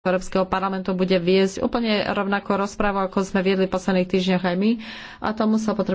Európskeho parlamentu bude viesť úplne rovnako rozprávu, ako sme viedli v posledných týždňoch aj my a tomu sa potrebujeme